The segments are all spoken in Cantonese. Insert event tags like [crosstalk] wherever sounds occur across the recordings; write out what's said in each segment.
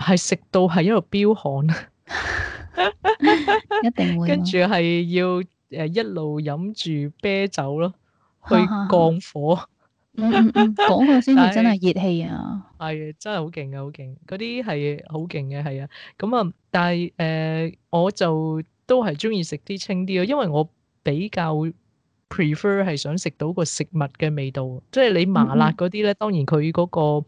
係食到係一路飆汗，一定會跟住係要誒一路飲住啤酒咯，去降火。 [laughs] [laughs] 嗯嗯先、嗰個、 [laughs] 真係熱氣啊！係真係好勁啊，好勁嗰啲係好勁嘅，係啊。咁啊，但係誒、呃、我就都係中意食啲清啲咯，因為我比較 prefer 係想食到個食物嘅味道，即、就、係、是、你麻辣嗰啲咧，當然佢嗰、嗰個。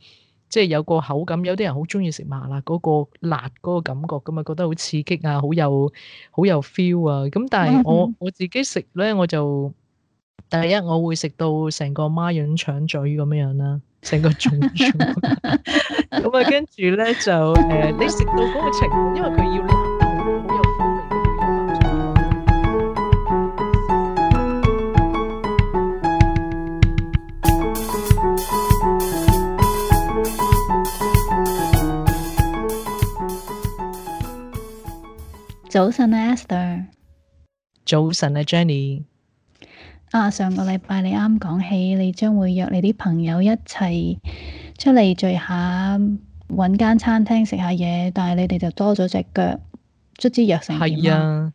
即係有個口感，有啲人好中意食麻辣嗰個辣嗰個感覺噶嘛，覺得好刺激啊，好有好有 feel 啊。咁但係我我自己食咧，我就第一我會食到成個孖潤腸嘴咁樣啦，成個中咁啊。跟住咧就誒， [laughs] [laughs] 你食到嗰個情況，因為佢要。早晨啊，Esther。早晨啊，Jenny。啊，上個禮拜你啱講起，你將會約你啲朋友一齊出嚟聚下，搵間餐廳食下嘢，但係你哋就多咗隻腳，卒之約成點啊？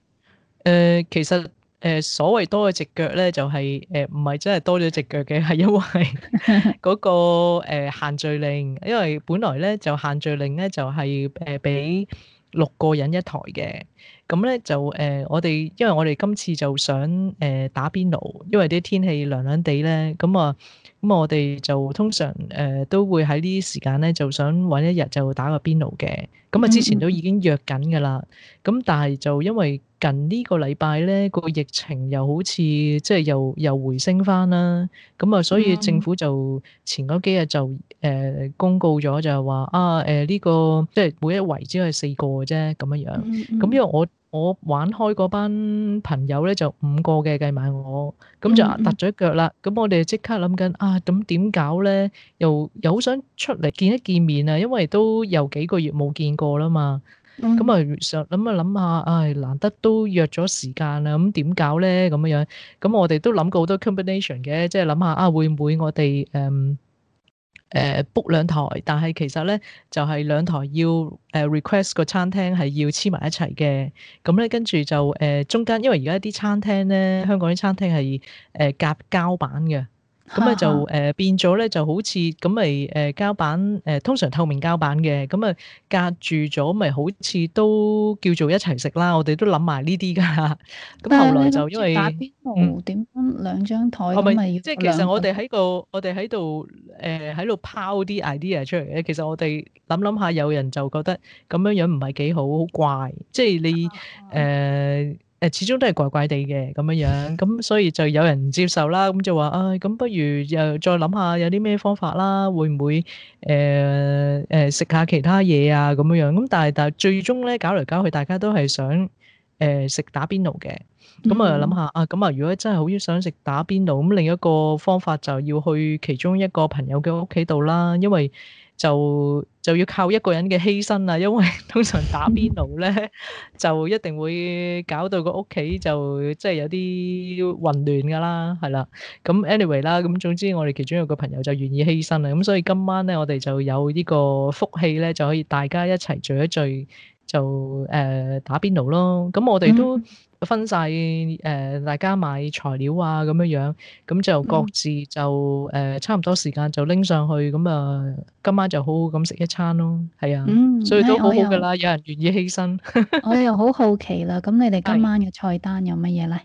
誒、呃，其實誒、呃，所謂多咗隻腳咧，就係、是、誒，唔、呃、係真係多咗隻腳嘅，係因為嗰、 [laughs] [laughs] 那個誒、呃、限聚令，因為本來咧就限聚令咧就係誒俾。呃六個人一枱嘅，咁咧就誒、呃，我哋因為我哋今次就想誒、呃、打邊爐，因為啲天氣涼涼地咧，咁啊，咁我哋就通常誒、呃、都會喺呢啲時間咧，就想揾一日就打個邊爐嘅。咁啊，之前都已經約緊㗎啦，咁、嗯、但係就因為近個呢個禮拜咧個疫情又好似即係又又回升翻啦，咁啊，所以政府就前嗰幾日就。誒、呃、公告咗就係話啊誒呢、呃呢個即係每一圍只係四個啫，咁樣樣，咁、mm hmm. 因為我我玩開嗰班朋友咧就五個嘅計埋我，咁就突咗腳啦。咁、mm hmm. 我哋即刻諗緊啊，咁點搞咧？又又好想出嚟見一見面啊，因為都有幾個月冇見過啦嘛。咁啊、mm hmm. 想諗啊諗下，唉、哎、難得都約咗時間啦，咁點搞咧？咁樣樣，咁我哋都諗過好多 combination 嘅，即係諗下啊會唔會我哋誒？嗯誒 book 兩台，但係其實咧就係、是、兩台要誒 request 個餐廳係要黐埋一齊嘅，咁咧跟住就誒、呃、中間，因為而家啲餐廳咧，香港啲餐廳係誒夾膠板嘅。咁咪就誒變咗咧，就好似咁咪誒膠板誒，通常透明膠板嘅，咁咪隔住咗咪好似都叫做一齊食啦。我哋都諗埋呢啲㗎。咁 [laughs] 後來就因為嗯點兩張台咪要即係，其實我哋喺個、嗯、我哋喺度誒喺度拋啲 idea 出嚟咧。其實我哋諗諗下，有人就覺得咁樣樣唔係幾好，好怪。即係你誒。啊呃誒始終都係怪怪地嘅咁樣樣，咁所以就有人唔接受啦，咁就話啊，咁、哎、不如又再諗下有啲咩方法啦，會唔會誒誒食下其他嘢啊咁樣樣，咁但係但係最終咧搞嚟搞去，大家都係想誒食、呃、打邊爐嘅，咁我又諗下啊，咁啊如果真係好想食打邊爐，咁另一個方法就要去其中一個朋友嘅屋企度啦，因為。就就要靠一個人嘅犧牲啦，因為通常打邊爐咧就一定會搞到個屋企就即係、就是、有啲混亂噶啦，係啦。咁 anyway 啦，咁總之我哋其中一個朋友就願意犧牲啦，咁所以今晚咧我哋就有呢個福氣咧就可以大家一齊聚一聚就誒、呃、打邊爐咯。咁我哋都。分晒誒、呃，大家買材料啊，咁樣樣，咁就各自就誒、嗯呃，差唔多時間就拎上去，咁啊，今晚就好好咁食一餐咯，係啊，嗯、所以都好好噶啦，又有人願意犧牲。 [laughs] 我又好好奇啦，咁你哋今晚嘅菜單有乜嘢咧？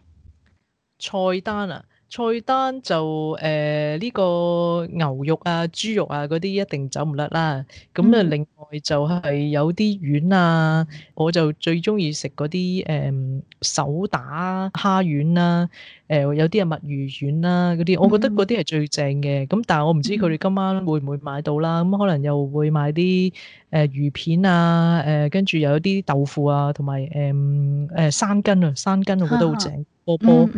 菜單啊～菜單就誒呢、呃這個牛肉啊、豬肉啊嗰啲一定走唔甩啦。咁啊，另外就係有啲丸啊，我就最中意食嗰啲誒手打蝦丸啦、啊。誒、呃、有啲啊墨魚丸啦嗰啲，我覺得嗰啲係最正嘅。咁、嗯、但係我唔知佢哋今晚會唔會買到啦。咁可能又會買啲誒、呃、魚片啊，誒跟住又有啲豆腐啊，同埋誒誒山根啊，山根、啊、山根我覺得好正，呵呵波波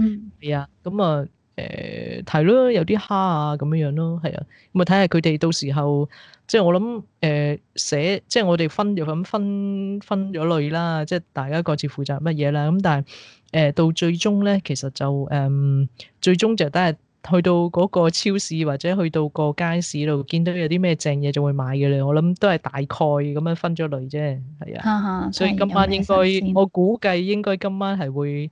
係啊。咁啊、嗯、～、嗯誒係咯，有啲蝦啊咁樣樣咯，係啊，咪睇下佢哋到時候，即係我諗誒、呃、寫，即係我哋分又咁分分咗類啦，即係大家各自負責乜嘢啦。咁但係誒、呃、到最終咧，其實就誒、嗯、最終就得係去到嗰個超市或者去到個街市度，見到有啲咩正嘢就會買嘅啦。我諗都係大概咁樣分咗類啫，係啊。哈哈所以今晚應該我估計應該今晚係會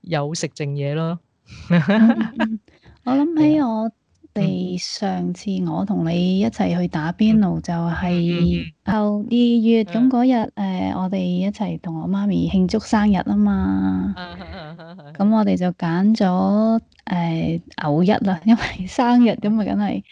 有食正嘢咯。 [laughs] 嗯、我諗起我哋上次我同你一齊去打邊爐，就係後二月咁嗰日，誒，我哋一齊同我媽咪慶祝生日啊嘛。咁 [laughs] 我哋就揀咗誒牛一啦，因為生日咁啊，梗係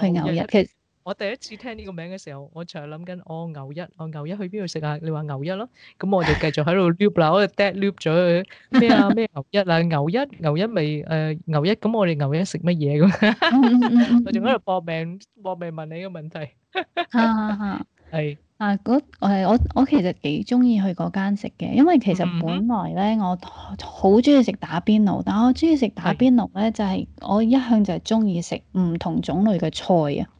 去牛一。其實。我第一次聽呢個名嘅時候，我就係諗緊，我、哦、牛一，我、哦、牛一去邊度食啊？你話牛一咯，咁、嗯、我就繼續喺度 loop 啦， [laughs] 我 dead loop 咗佢咩啊咩牛一啦、啊，牛一牛一味誒、呃、牛一，咁我哋牛一食乜嘢咁？我仲喺度搏命搏命問你個問題、啊，係啊嗰誒、啊、是我我其實幾中意去嗰間食嘅，因為其實本來咧我好中意食打邊爐，但係我中意食打邊爐咧就係我一向就係中意食唔同種類嘅菜啊。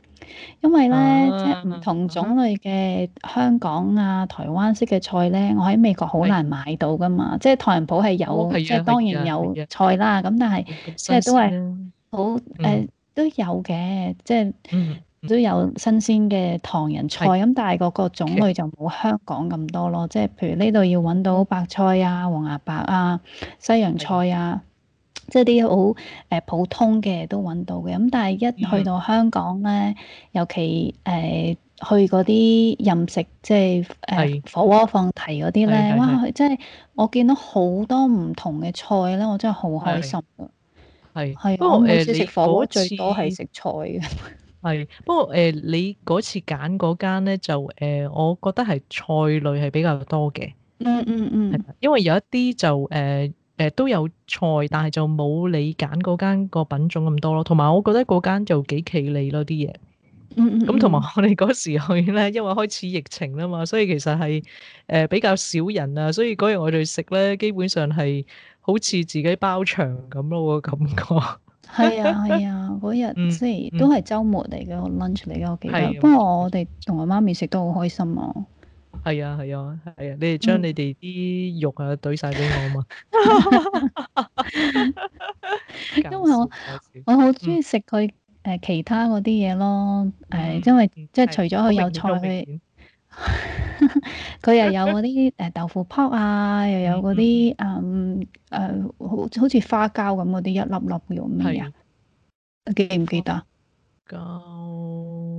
因為咧，啊、即係唔同種類嘅香港啊、啊台灣式嘅菜咧，我喺美國好難買到噶嘛。的即係唐人鋪係有，的即係當然有菜啦。咁的但係即係都係好誒，都有嘅，嗯、即係都有新鮮嘅唐人菜。咁的但係嗰個種類就冇香港咁多咯。即係譬如呢度要搵到白菜啊、黃芽白啊、西洋菜啊。即係啲好誒普通嘅都揾到嘅，咁但係一去到香港咧，嗯、尤其誒、uh, 去嗰啲任食，即係誒火鍋放題嗰啲咧，哇！真係我見到好多唔同嘅菜咧，我真係好開心啊！係，係是不過誒食火鍋最多係食菜嘅是。係 [laughs] 不過誒，你嗰次揀嗰間咧，就誒，我覺得係菜類係比較多嘅。的的嗯嗯嗯。因為有一啲就誒。啊。誒都有菜，但係就冇你揀嗰間個品種咁多咯。同埋我覺得嗰間就幾企理咯啲嘢。嗯，嗯嗯。咁同埋我哋嗰時去咧，因為開始疫情啦嘛，所以其實係誒、呃、比較少人啊。所以嗰日我哋食咧，基本上係好似自己包場咁咯個感覺。係啊係啊，嗰日即係都係周末嚟嘅，lunch 嚟嘅我記得。啊、不過我哋同我媽咪食都好開心啊。係啊，係啊，係啊！你哋將你哋啲肉啊懟晒俾我啊嘛！ [laughs] 因為我我好中意食佢誒其他嗰啲嘢咯，誒、嗯、因為即係除咗佢有菜，佢 [laughs] 又有嗰啲誒豆腐泡啊，又有嗰啲 [laughs] 嗯誒、嗯、好好似花膠咁嗰啲一粒粒肉咩啊？的記唔記得？啊。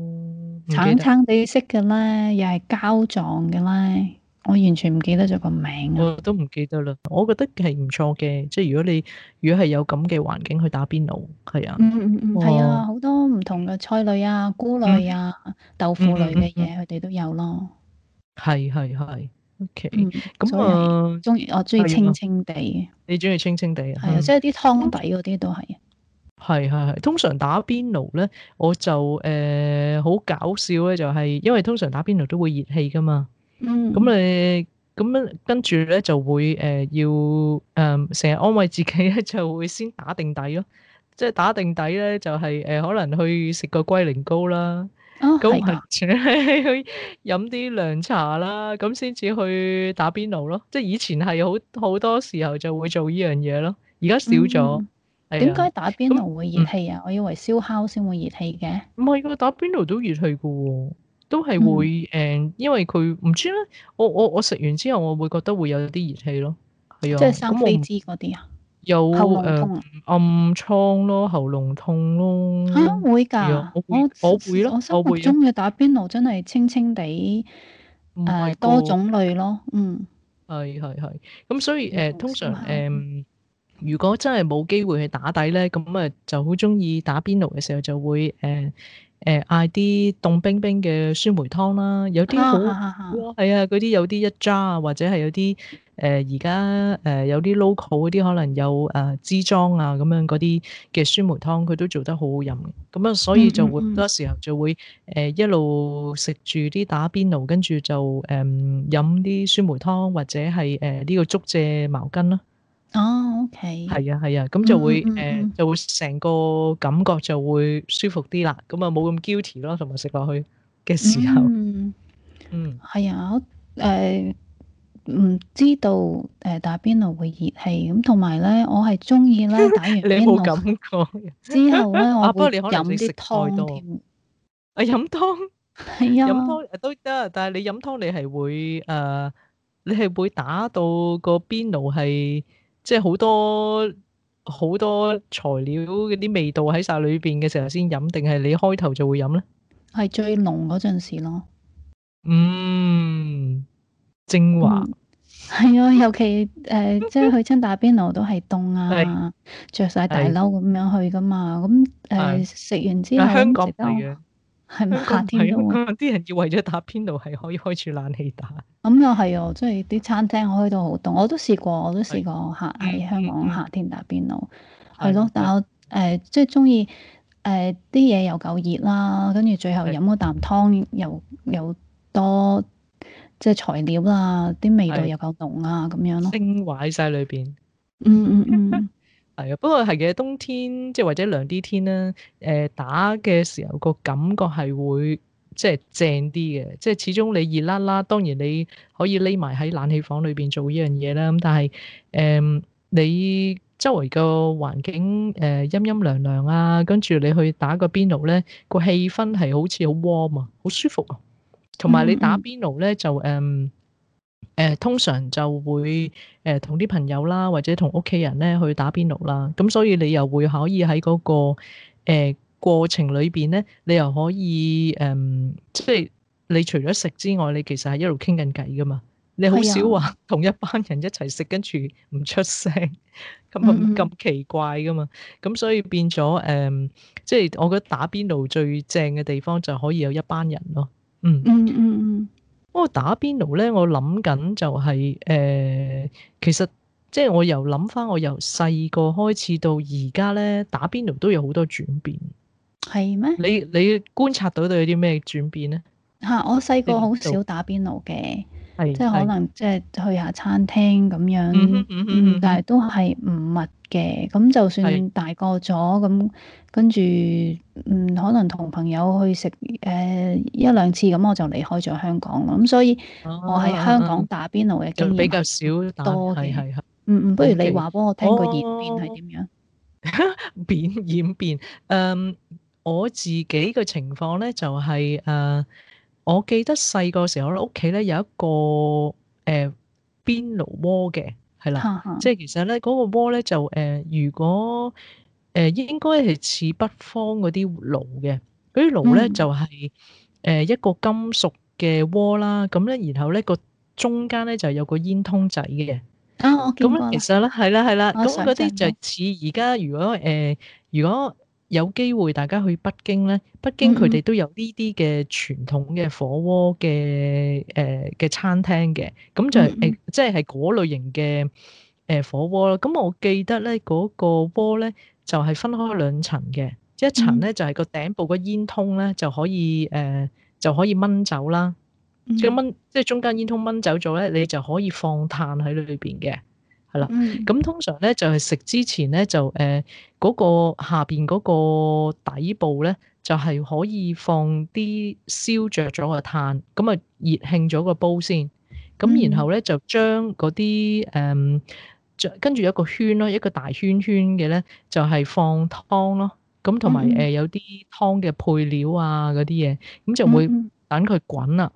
橙橙地色嘅咧，又係膠狀嘅咧，我完全唔記得咗個名，啊。我都唔記得啦，我覺得係唔錯嘅，即係如果你如果係有咁嘅環境去打邊爐，係啊，係、嗯嗯嗯、啊，好多唔同嘅菜類啊、菇類啊、嗯、豆腐類嘅嘢，佢哋、嗯、都有咯。係係係，OK，咁、嗯、我中意我中意清清地、嗯，你中意清清地啊？係、就、啊、係，即係啲湯底嗰啲都係。係係係，通常打邊爐咧，我就誒好搞笑咧，就係因為通常打邊爐都會熱氣噶嘛，嗯，咁誒咁樣跟住咧就會誒要誒成日安慰自己咧，就會先打定底咯，即係打定底咧就係誒可能去食個龜苓膏啦，咁係全係去飲啲涼茶啦，咁先至去打邊爐咯，即係以前係好好多時候就會做呢樣嘢咯，而家少咗。點解打邊爐會熱氣啊？我以為燒烤先會熱氣嘅。唔係啊，打邊爐都熱氣噶，都係會誒，因為佢唔知咧。我我我食完之後，我會覺得會有啲熱氣咯。係啊。即係三高支嗰啲啊。有誒暗瘡咯，喉嚨痛咯。吓會噶？我我會咯。我心中嘅打邊爐真係清清地，誒，多種類咯，嗯。係係係，咁所以誒，通常誒。如果真係冇機會去打底咧，咁啊就好中意打邊爐嘅時候就會誒誒嗌啲凍冰冰嘅酸梅湯啦，有啲好係啊，嗰、啊、啲、啊、有啲一揸啊，或者係有啲誒而家誒有啲 local 嗰啲可能有誒支裝啊咁樣嗰啲嘅酸梅湯，佢都做得好好飲嘅。咁啊，所以就會好多時候就會誒、呃、一路食住啲打邊爐，跟住就誒、呃、飲啲酸梅湯，或者係誒呢個竹蔗茅根啦。哦，OK，係啊，係啊，咁就會誒，就會成個感覺就會舒服啲啦，咁啊冇咁 guilty 咯，同埋食落去嘅時候，嗯，係啊，我誒唔知道誒打邊爐會熱氣，咁同埋咧我係中意咧打完邊爐之後咧我會飲啲湯添，啊飲湯，飲湯都得，但係你飲湯你係會誒，你係會打到個邊爐係。即係好多好多材料嗰啲味道喺晒裏邊嘅時候先飲，定係你開頭就會飲咧？係最濃嗰陣時咯。嗯，精華。係啊、嗯，尤其誒、呃，即係去親打邊爐都係凍啊，着晒 [laughs] 的大褸咁樣去噶嘛。咁誒的，食、嗯、完之後，啊、香港係咪夏天都啲人要為咗打邊爐係可以開住冷氣打？咁又係哦，即係啲餐廳開到好凍，我都試過，我都試過夏喺香港夏天打邊爐，係咯，但我誒、呃、即係中意誒啲嘢又夠熱啦，跟住最後飲嗰啖湯又又多即係材料啦，啲味道又夠濃啊咁樣咯，精華喺晒裡面 [laughs] 、嗯。嗯嗯嗯。係啊，不過係嘅，冬天即係或者涼啲天啦，誒、呃、打嘅時候個感覺係會即係正啲嘅，即係始終你熱辣辣，當然你可以匿埋喺冷氣房裏邊做呢樣嘢啦，咁但係誒、呃、你周圍個環境誒陰陰涼涼啊，跟住你去打個邊爐咧，個氣氛係好似好 warm 啊，好舒服啊，同埋你打邊爐咧就誒。呃誒、呃、通常就會誒同啲朋友啦，或者同屋企人咧去打邊爐啦。咁所以你又會可以喺嗰、那個誒、呃、過程裏邊咧，你又可以誒，即、呃、係、就是、你除咗食之外，你其實係一路傾緊偈噶嘛。你好少話同一班人一齊食，跟住唔出聲，咁 [laughs] 咁奇怪噶嘛。咁、mm hmm. 所以變咗誒，即、呃、係、就是、我覺得打邊爐最正嘅地方就可以有一班人咯。嗯嗯嗯嗯。Mm hmm. 不過打邊爐咧，我諗緊就係、是、誒、呃，其實即係我由諗翻我由細個開始到而家咧，打邊爐都有好多轉變，係咩嗎？你你觀察到有啲咩轉變咧嚇、啊？我細個好少打邊爐嘅。係，是即係可能即係去下餐廳咁樣，嗯嗯，嗯但係都係唔密嘅。咁就算大個咗，咁跟住嗯，可能同朋友去食誒、呃、一兩次，咁我就離開咗香港啦。咁所以，我喺香港打邊爐嘅比較少打，係係嚇。嗯嗯，不如你話俾我，的我聽個演變係點樣？哦、變演變，嗯、um,，我自己嘅情況咧就係、是、誒。Uh, 我記得細個時候咧，屋企咧有一個誒、呃、邊爐窩嘅，係啦，哈哈即係其實咧嗰、嗰個窩咧就誒、呃，如果誒、呃、應該係似北方嗰啲爐嘅，嗰啲爐咧、嗯、就係、係、誒、呃、一個金屬嘅窩啦，咁咧然後咧個中間咧就有個煙通仔嘅。啊，我見過。咁其實咧係啦係啦，咁嗰啲就似而家如果誒如果。呃如果有機會大家去北京咧，北京佢哋都有呢啲嘅傳統嘅火鍋嘅誒嘅餐廳嘅，咁就係誒即係係嗰類型嘅誒火鍋咯。咁我記得咧嗰、那個鍋咧就係、是、分開兩層嘅，一層咧就係、是、個頂部個煙通咧就可以誒、呃、就可以掹走啦，mm hmm. 即係掹即係中間煙通掹走咗咧，你就可以放炭喺裏邊嘅。啦，咁、嗯、通常咧就係、是、食之前咧就誒嗰、呃那個下邊嗰個底部咧就係、是、可以放啲燒着咗個炭，咁啊熱慶咗個煲先，咁然後咧就將嗰啲誒跟住一個圈咯，一個大圈圈嘅咧就係、是、放湯咯，咁同埋誒有啲湯嘅配料啊嗰啲嘢，咁就會等佢滾啦。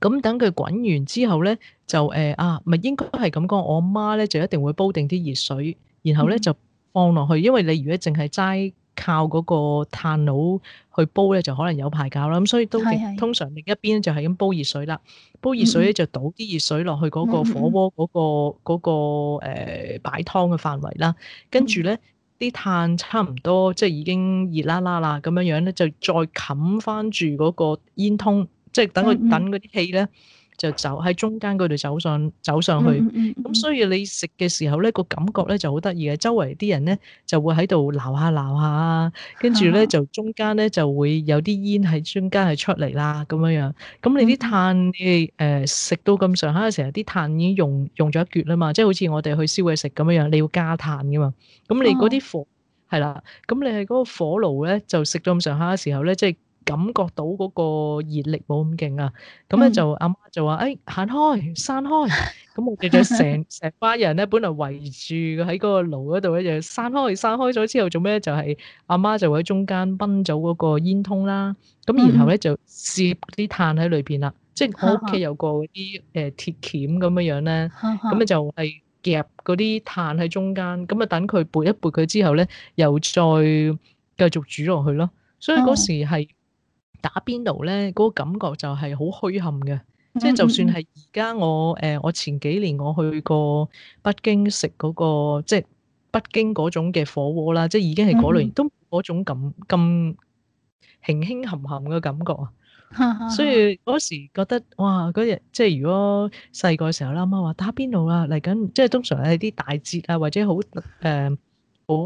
咁、嗯、等佢滾完之後咧，就誒、哎、啊，咪應該係咁講。我媽咧就一定會煲定啲熱水，然後咧就放落去。因為你如果淨係齋靠嗰個炭爐去煲咧，就可能有排搞啦。咁所以都通常另一邊就係咁煲熱水啦。煲熱水咧就倒啲熱水落去嗰個火鍋嗰、那個嗰、那個誒、呃、擺湯嘅範圍啦。跟住咧啲炭差唔多即係、就是、已經熱啦啦啦咁樣樣咧，就再冚翻住嗰個煙通。即係等佢、嗯嗯、等嗰啲氣咧就走，喺中間嗰度走上走上去，咁、嗯嗯嗯、所以你食嘅時候咧、個感覺咧就好得意嘅，周圍啲人咧就會喺度撈下撈下啊，跟住咧就中間咧就會有啲煙喺中間係出嚟啦咁樣樣。咁你啲炭誒食到咁上下嘅時候，啲、那、炭、個、已經用用咗一橛啦嘛，即係好似我哋去燒嘢食咁樣樣，你要加炭㗎嘛。咁你嗰啲火係、哦、啦，咁你係嗰個火爐咧就食到咁上下嘅時候咧，即係。感覺到嗰個熱力冇咁勁啊，咁咧就阿媽就話，誒，行開，散開。咁我哋就成成班人咧，本來圍住喺嗰個爐嗰度咧，就散開，散開咗之後做咩咧？就係阿媽就喺中間揼走嗰個煙通啦。咁然後咧就攝啲炭喺裏邊啦。即係我屋企有個啲誒鐵鉗咁樣樣咧，咁啊就係夾嗰啲炭喺中間，咁啊等佢撥一撥佢之後咧，又再繼續煮落去咯。所以嗰時係。打邊爐咧，嗰、那個感覺就係好虛憾嘅，即、就、係、是、就算係而家我誒我前幾年我去過北京食嗰、那個即係、就是、北京嗰種嘅火鍋啦，即、就、係、是、已經係嗰類、嗯、都嗰種咁輕輕含含嘅感覺啊， [laughs] 所以嗰時覺得哇嗰日即係如果細個時候啦，阿媽話打邊爐啊嚟緊，即係、就是、通常係啲大節啊或者好誒。Uh, 好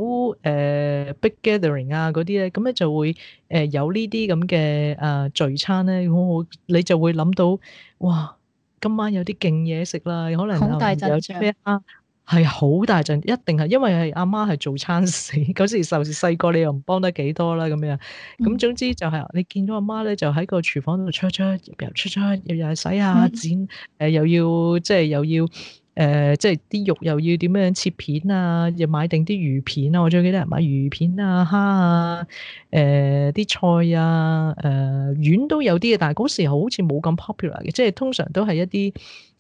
誒 big gathering 啊嗰啲咧，咁咧就會誒有呢啲咁嘅誒聚餐咧，我你就會諗到，哇，今晚有啲勁嘢食啦，可能有有咩啊，係好大陣，一定係，因為係阿媽係做餐事，嗰時尤其是細個，你又唔幫得幾多啦咁樣，咁總之就係你見到阿媽咧，就喺個廚房度出出入入又出出入入，又又係洗下剪，誒又要即係又要。誒、呃，即係啲肉又要點樣切片啊？又買定啲魚片啊！我最記得係買魚片啊、蝦啊、誒、呃、啲菜啊、誒、呃、丸都有啲嘅，但係嗰時候好似冇咁 popular 嘅，即係通常都係一啲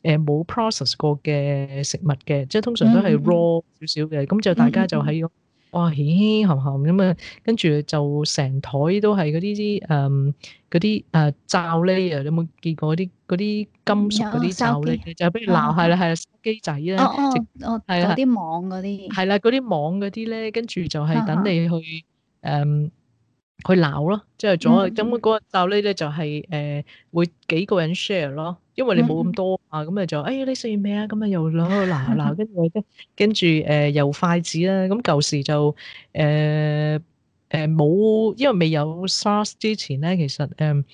誒冇 process 過嘅食物嘅，即係通常都係 raw 少少嘅，咁、mm hmm. 就大家就喺哇！嘻嘻含含咁啊，跟住就成台都係嗰啲啲誒嗰啲誒罩呢啊！你有冇見過啲嗰啲金屬嗰啲罩呢？就比如鬧，係啦係啦，機仔咧，即係嗰啲網嗰啲。係啦，嗰啲網嗰啲咧，跟住就係等你去誒。佢鬧咯，即係咗咁嗰一集咧，就係、是、誒、呃、會幾個人 share 咯，因為你冇咁多、嗯、啊，咁咪就誒、哎、你食完咩啊？咁咪又攞鬧鬧， [laughs] 跟住跟住誒又筷子啦，咁舊時就誒誒冇，因為未有 SARS 之前咧，其實誒。呃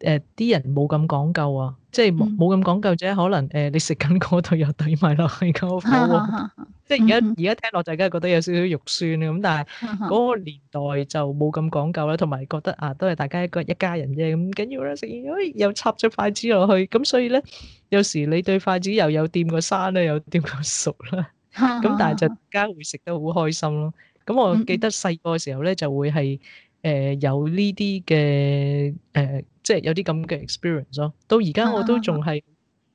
誒，啲、呃、人冇咁講究啊，即係冇咁講究，只係可能誒、呃，你食緊嗰度又懟埋落去咁火，好啊、 [laughs] 即係而家而家聽落大家覺得有少少肉酸嘅。咁但係嗰個年代就冇咁講究啦，同埋覺得啊，都係大家一個一家人啫，咁緊要啦，食完又又插咗筷子落去，咁所以咧，有時你對筷子又有掂個生咧，有掂個熟啦，咁 [laughs] 但係就梗係會食得好開心咯。咁我記得細個嘅時候咧，就會係誒、呃、有呢啲嘅誒。呃即係有啲咁嘅 experience 咯，到而家我都仲係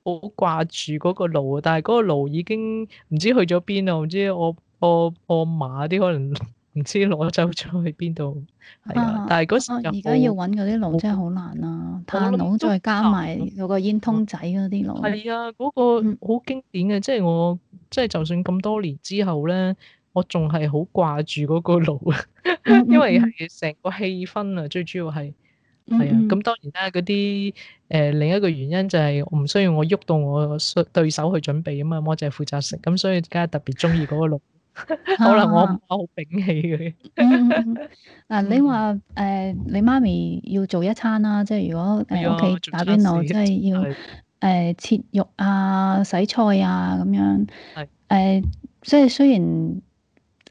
好掛住嗰個爐啊！但係嗰個爐已經唔知去咗邊啊。唔知我我我阿嫲啲可能唔知攞走咗去邊度係啊！但係嗰時而家要搵嗰啲爐真係好難啊！我炭爐再加埋嗰個煙通仔嗰啲爐係啊！嗰、嗯嗯、個好經典嘅，即、就、係、是、我即係、就是、就算咁多年之後咧，我仲係好掛住嗰個爐啊， [laughs] 因為係成個氣氛啊，最主要係。係啊，咁當然啦，嗰啲誒另一個原因就係唔需要我喐到我對手去準備啊嘛，我就係負責食，咁所以而家特別中意嗰個爐， [laughs] 啊、 [laughs] 可能我我好摒棄佢。啊， [laughs] 你話誒、呃、你媽咪要做一餐啦，即係如果誒屋企打邊爐，即係事要誒的、呃、切肉啊、洗菜啊咁樣，誒即係雖然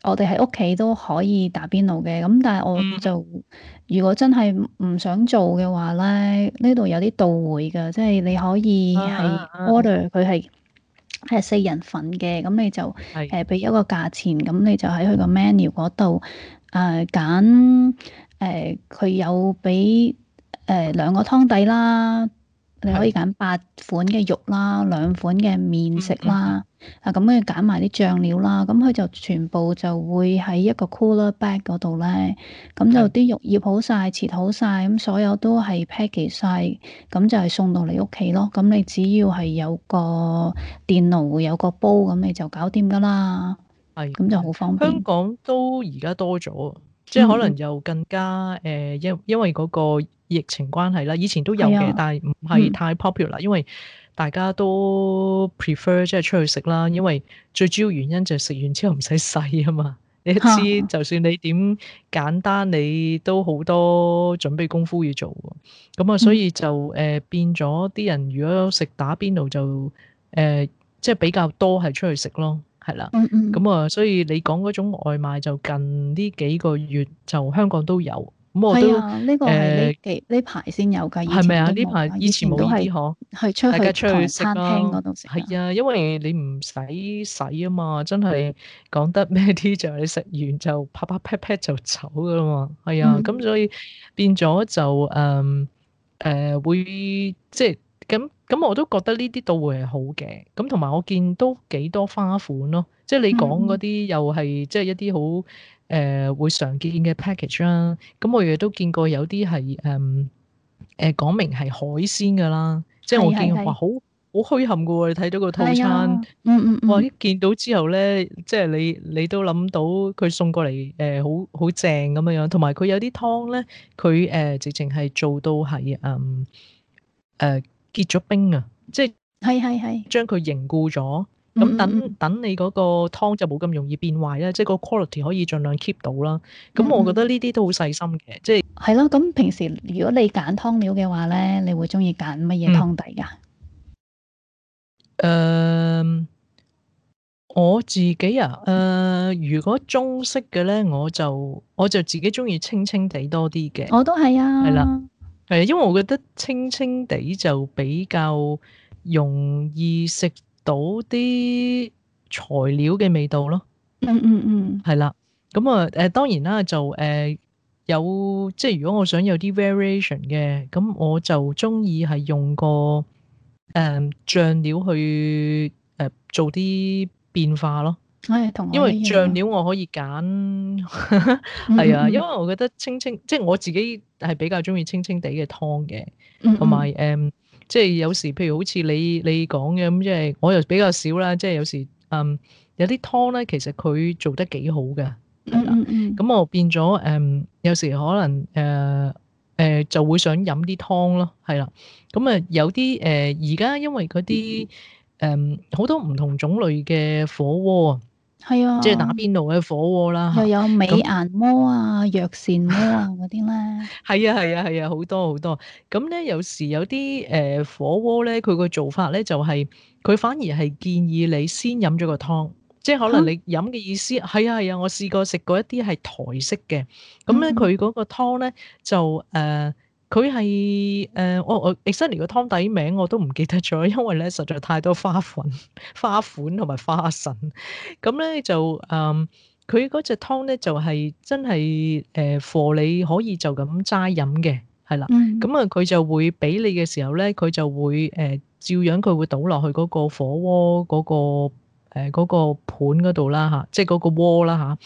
我哋喺屋企都可以打邊爐嘅，咁但係我就、嗯。如果真係唔想做嘅話咧，呢度有啲到會嘅，即係你可以係 order 佢係係四人份嘅，咁你就誒俾是、呃、一個價錢，咁你就喺佢個 menu 嗰度誒揀誒佢有俾誒、呃、兩個湯底啦。你可以揀八款嘅肉啦，兩款嘅麵食啦，嗯嗯啊咁跟住揀埋啲醬料啦，咁佢就全部就會喺一個 cooler bag 嗰度咧，咁就啲肉醃好晒、切好晒，咁是所有都係 package 晒，咁就係送到你屋企咯。咁你只要係有個電爐，有個煲，咁你就搞掂噶啦。係的，咁就好方便。香港都而家多咗即係可能又更加誒，因、嗯、因為嗰、嗰個。疫情關係啦，以前都有嘅，啊、但係唔係太 popular、嗯、因為大家都 prefer 即係出去食啦。因為最主要原因就係食完之後唔使洗啊嘛。你知就算你點簡單，啊、你都好多準備功夫要做。咁啊，所以就誒、嗯、變咗啲人，如果食打邊爐就誒即係比較多係出去食咯，係啦。咁、嗯嗯、啊，所以你講嗰種外賣就近呢幾個月就香港都有。係啊，呢個係呢幾呢排先有㗎，以前都冇。以前都係呵，係出去餐廳嗰度食。係啊，因為你唔使洗啊嘛，真係講得咩啲就係你食完就啪啪啪啪就走㗎喇嘛。係啊，咁所以變咗就誒誒會即係咁咁，我都覺得呢啲都會係好嘅。咁同埋我見都幾多花款咯，即係你講嗰啲又係即係一啲好。誒、呃、會常見嘅 package 啦、啊，咁、嗯、我亦都見過有啲係誒誒講明係海鮮㗎啦，是是是即係我見話是好好墟冚㗎喎，你睇到個套餐，嗯嗯，嗯，哇！一見到之後咧，即係你你都諗到佢送過嚟誒、呃、好好正咁樣樣，同埋佢有啲湯咧，佢誒、呃、直情係做到係嗯誒、呃、結咗冰啊，即係係係係，將佢凝固咗。咁等等，等你嗰個湯就冇咁容易變壞啦，即係個 quality 可以盡量 keep 到啦。咁我覺得呢啲都好細心嘅，即係係咯。咁平時如果你揀湯料嘅話咧，你會中意揀乜嘢湯底噶？誒，我自己啊，誒，如果中式嘅咧，我就我就自己中意清清地多啲嘅。我都係啊。係啦，係啊，因為我覺得清清地就比較容易食。到啲材料嘅味道咯，嗯嗯嗯，係啦，咁啊，誒、呃，當然啦，就誒、呃、有即係如果我想有啲 variation 嘅，咁我就中意係用個誒醬料去誒、呃、做啲變化咯。係、哎、同，因為醬料我可以揀，係 [laughs] 啊的，嗯嗯因為我覺得清清，即係我自己係比較中意清清地嘅湯嘅，同埋誒。呃即係有時，譬如好似你你講嘅咁，即係我又比較少啦。即係有時，嗯，有啲湯咧，其實佢做得幾好嘅。係啦。咁、嗯嗯、我變咗，嗯，有時可能誒誒、呃呃、就會想飲啲湯咯，係啦。咁、嗯、啊，有啲誒，而、呃、家因為嗰啲誒好多唔同種類嘅火鍋。係啊，即係打邊爐嘅火鍋啦，又有美顏魔啊、藥膳、嗯、魔啊嗰啲咧。係啊係啊係啊，好多好多。咁咧有時有啲誒火鍋咧，佢個做法咧就係，佢反而係建議你先飲咗個湯，即係可能你飲嘅意思。係啊係啊，啊，我試過食過一啲係台式嘅，咁咧佢嗰個湯咧就誒。呃佢係誒我我 exactly 個湯底名我都唔記得咗，因為咧實在太多花粉、花款同埋花神。咁咧就誒佢嗰隻湯咧就係、是、真係誒貨，呃、你可以就咁齋飲嘅，係啦。咁啊佢就會俾你嘅時候咧，佢就會誒、呃、照樣佢會倒落去嗰個火鍋嗰、嗰個誒嗰、呃嗰個盤嗰度啦嚇，即係嗰個鍋啦吓。啊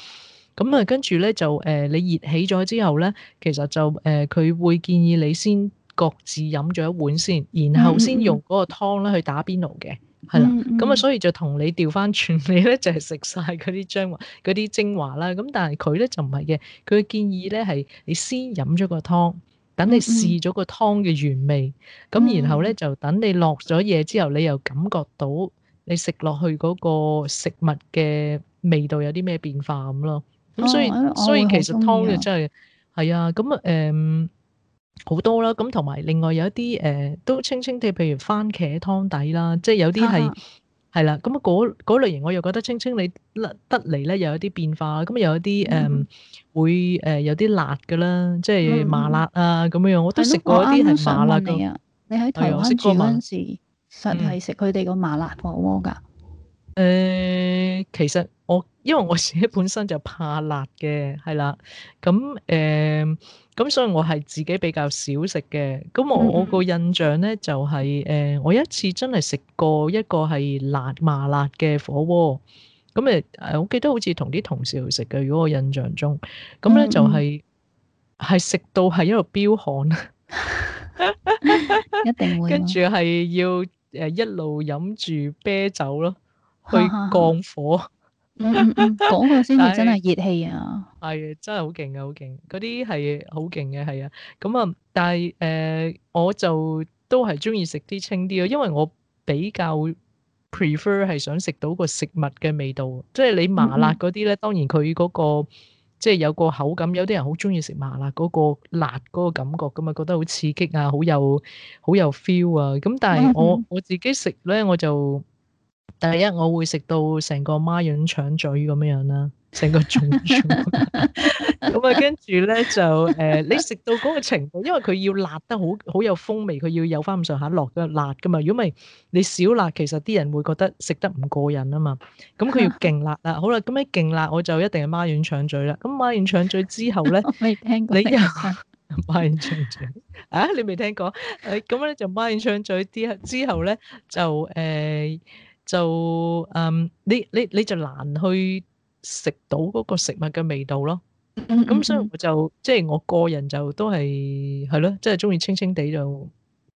咁啊，跟住咧就誒、呃，你熱起咗之後咧，其實就誒，佢、呃、會建議你先各自飲咗一碗先，然後先用嗰個湯咧去打邊爐嘅，係啦。咁啊，所以就同你調翻全味咧就係食晒嗰啲醬啲精華啦。咁但係佢咧就唔係嘅，佢建議咧係你先飲咗個湯，等你試咗個湯嘅原味，咁、嗯嗯、然後咧就等你落咗嘢之後，你又感覺到你食落去嗰個食物嘅味道有啲咩變化咁咯。咁所以所以其實湯就真係係啊，咁啊誒好多啦，咁同埋另外有一啲誒都清清哋，譬如蕃茄湯底啦，即係有啲係係啦，咁啊嗰嗰類型我又覺得清清你得嚟咧又有啲變化，咁啊有一啲誒會誒有啲辣㗎啦，即係麻辣啊咁樣樣，我都食過一啲係麻辣嘅。你喺台灣住嗰陣時，實係食佢哋個麻辣火鍋㗎。誒，其實我。因為我自己本身就怕辣嘅，係啦，咁誒咁，呃、所以我係自己比較少食嘅。咁我我個印象咧就係、是、誒、呃，我一次真係食過一個係辣麻辣嘅火鍋，咁誒誒，我記得好似同啲同事去食嘅，如果我印象中，咁咧就係係食到係一路飆汗，一定會跟住係要誒一路飲住啤酒咯，去降火。 [laughs] 嗯嗯，講個先真係熱氣啊！係真係好勁啊。好勁嗰啲係好勁嘅，係啊。咁啊，但係誒、呃，我就都係中意食啲清啲啊，因為我比較 prefer 係想食到個食物嘅味道。即係你麻辣嗰啲咧，當然佢嗰個即係有個口感，有啲人好中意食麻辣嗰個辣嗰個感覺咁嘛，覺得好刺激啊，好有好有 feel 啊。咁但係我我自己食咧，我就。第一，我會食到成個孖潤腸嘴咁樣腔腔樣啦，成個嘴咁啊，跟住咧就誒、呃，你食到嗰個程度，因為佢要辣得好好有風味，佢要有返咁上下落嘅辣㗎嘛。如果唔係你少辣，其實啲人會覺得食得唔過癮啊嘛。咁佢要勁辣啦，好啦，咁樣勁辣我就一定係孖潤腸嘴啦。咁孖潤腸嘴之後咧，我未聽過，你又孖潤腸嘴啊？你未聽過？咁、哎、咧就孖潤腸嘴啲之後咧就誒。欸就誒、um，你你你就難去食到嗰個食物嘅味道咯。咁、嗯嗯嗯、所以我就即係、就是、我個人就都係係咯，即係中意清清地就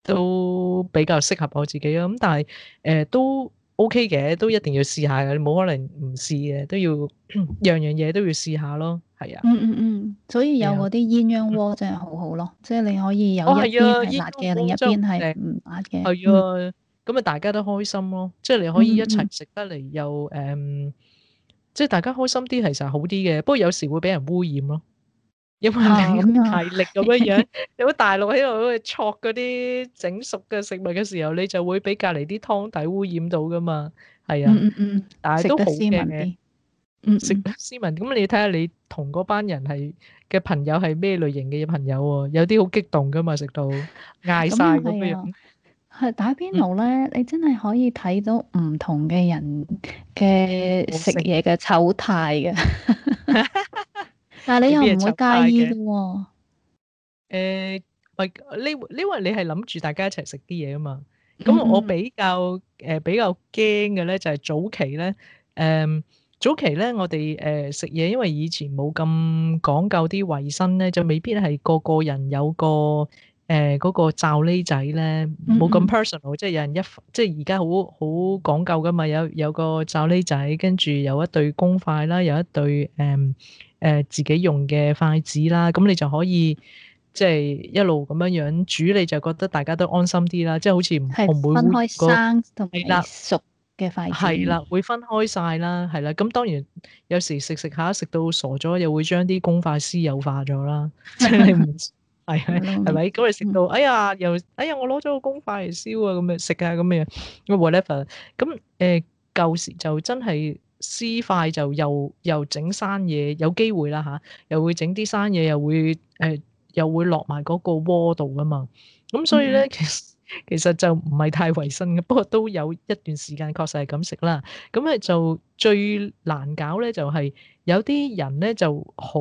都比較適合我自己咯。咁但係誒、呃、都 OK 嘅，都一定要試下嘅，你冇可能唔試嘅，都要 [coughs] 樣樣嘢都要試下咯。係啊。嗯嗯嗯，所以有嗰啲鴛鴦鍋真係好好咯，嗯嗯即係你可以有一邊係辣嘅，哦啊、鴨鴨另一邊係唔辣嘅。係啊。咁啊，大家都開心咯，即係你可以一齊食得嚟，又誒、嗯嗯嗯，即係大家開心啲，其實好啲嘅。不過有時會俾人污染咯，因為你契力咁樣，有啲、啊、 [laughs] 大陸喺度去焯嗰啲整熟嘅食物嘅時候，你就會俾隔離啲湯底污染到噶嘛。係啊，但係都好嘅，嗯，得嗯嗯食得斯文。咁你睇下你同嗰班人係嘅朋友係咩類型嘅朋友喎、啊？有啲好激動噶嘛，食到嗌晒咁樣。嗯嗯嗯係打邊爐咧，你真係可以睇到唔同嘅人嘅食嘢嘅醜態嘅，但係你又唔會介意嘅喎。誒，咪你你話你係諗住大家一齊食啲嘢啊嘛？咁我比較誒比較驚嘅咧，就係早期咧，誒早期咧，我哋誒食嘢，因為以前冇咁講究啲衞生咧，就未必係個個人有個。誒嗰、呃嗰個罩喱仔咧冇咁 personal，即係有人一即係而家好好講究㗎嘛，有有個罩喱仔，跟住有一對公筷啦，有一對誒誒、嗯呃、自己用嘅筷子啦，咁你就可以即係一路咁樣樣煮，你就覺得大家都安心啲啦，即係好似唔會分開生同、埋、熟嘅筷子。係啦，會分開晒啦，係啦。咁當然有時食食下食到傻咗，又會將啲公筷私有化咗啦，即係唔。 [laughs] 係係咪？咁、mm hmm. 你食到哎呀，又哎呀，我攞咗個公筷嚟燒啊，咁樣食啊，咁樣咁 whatever。咁、欸、誒舊時就真係私筷就又又整生嘢，有機會啦嚇、啊，又會整啲生嘢，又會誒、欸、又會落埋嗰個窩度㗎嘛。咁所以咧、mm hmm.，其實其實就唔係太衞生嘅，不過都有一段時間確實係咁食啦。咁咧就最難搞咧，就係、是、有啲人咧就好。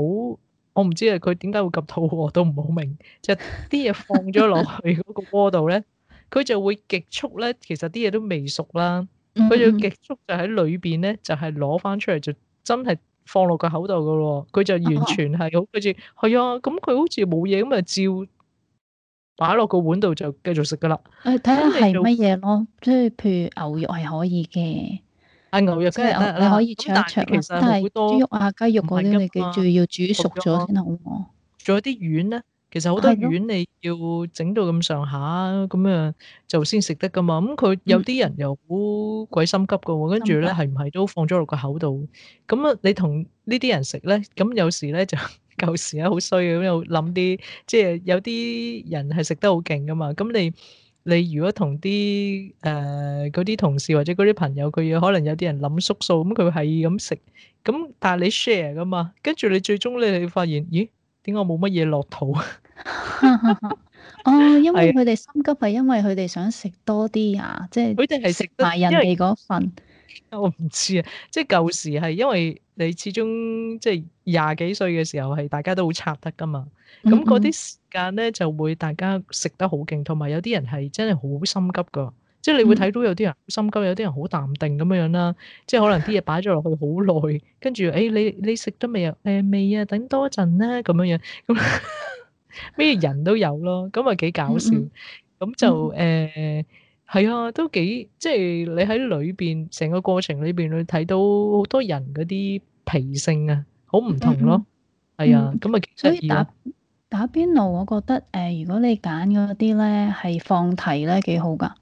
我唔知啊，佢點解會咁肚餓，都唔好明。就啲、是、嘢放咗落去嗰個鍋度咧，佢 [laughs] 就會極速咧。其實啲嘢都未熟啦，佢就極速就喺裏邊咧，就係攞返出嚟就真係放落個口度㗎喎。佢就完全係好，佢住、啊哈，係啊。咁佢好似冇嘢咁啊，照擺落個碗度就繼續食㗎喇。誒看，睇下係乜嘢咯，即係譬如牛肉係可以嘅。係牛肉，即係你可以灼一灼，但係豬肉啊、雞肉嗰啲，你記住要煮熟咗先好喎。仲有啲丸咧，其實好多丸你要整到咁上下，咁啊就先食得噶嘛。咁佢有啲人又好鬼心急噶喎，跟住咧係唔係都放咗落個口度？咁啊，你同呢啲人食咧，咁有時咧就舊時咧好衰咁，又諗啲即係有啲人係食得好勁噶嘛。咁你～你如果同啲誒啲同事或者嗰啲朋友，佢可能有啲人諗縮數，咁佢係咁食，咁但係你 share 噶嘛？跟住你最終你你發現咦？點解我冇乜嘢落肚？ [laughs] [laughs] 哦，因為佢哋心急係因為佢哋想食多啲啊，的即係佢哋係食埋人哋嗰份。我唔知啊，即係舊時係因為你始終即係廿幾歲嘅時候係大家都好拆得噶嘛，咁嗰啲時間咧就會大家食得好勁，同埋有啲人係真係好心急噶，即係你會睇到有啲人心急，有啲人好淡定咁樣樣啦，即係可能啲嘢擺咗落去好耐，跟住誒你你食都、呃、未啊？誒未啊？等多陣咧咁樣樣，咩 [laughs] 人都有咯，咁啊幾搞笑，咁、嗯嗯嗯、就誒。呃係啊，都幾即係你喺裏邊成個過程裏邊，你睇到好多人嗰啲脾性啊，好唔同咯。係啊，咁啊，所以打打邊爐，我覺得誒、呃，如果你揀嗰啲咧係放題咧，幾好噶。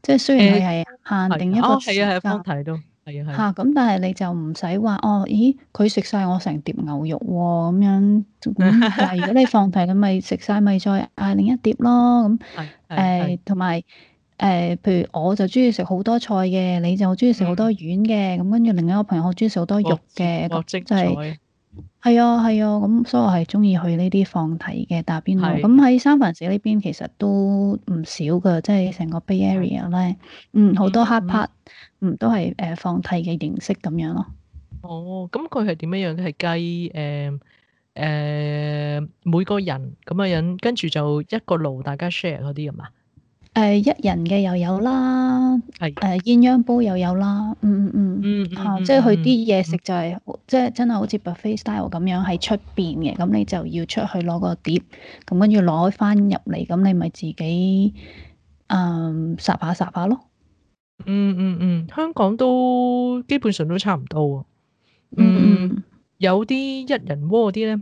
即係雖然係限定一個時間，欸啊，放題都係啊係。吓咁，但係你就唔使話哦，咦佢食晒我成碟牛肉喎，哦，咁樣。但係如果你放題，你咪食晒咪再嗌另一碟咯。咁誒，同、嗯、埋。誒、呃，譬如我就中意食好多菜嘅，你就中意食好多丸嘅，咁、嗯、跟住另一個朋友我中意食好多肉嘅，即係係啊係啊，咁、啊、所以我係中意去呢啲放題嘅打邊爐。咁喺、嗯、三藩市呢邊其實都唔少嘅，即係成個 Bay Area 咧，嗯好、嗯、多 hot pot 嗯都係誒放題嘅形式咁樣咯。哦，咁佢係點樣樣？係計誒誒每個人咁嘅人，跟住就一個爐大家 share 嗰啲係嘛？誒、呃、一人嘅又有啦，誒鴛鴦煲又有啦，嗯嗯嗯，嚇、嗯，嗯、即係佢啲嘢食就係、是，即係、嗯嗯、真係好似 buffet style 咁樣喺出邊嘅，咁你就要出去攞個碟，咁跟住攞翻入嚟，咁你咪自己嗯，撒下撒下咯。嗯嗯嗯，香港都基本上都差唔多。嗯嗯，有啲一人鍋啲咧。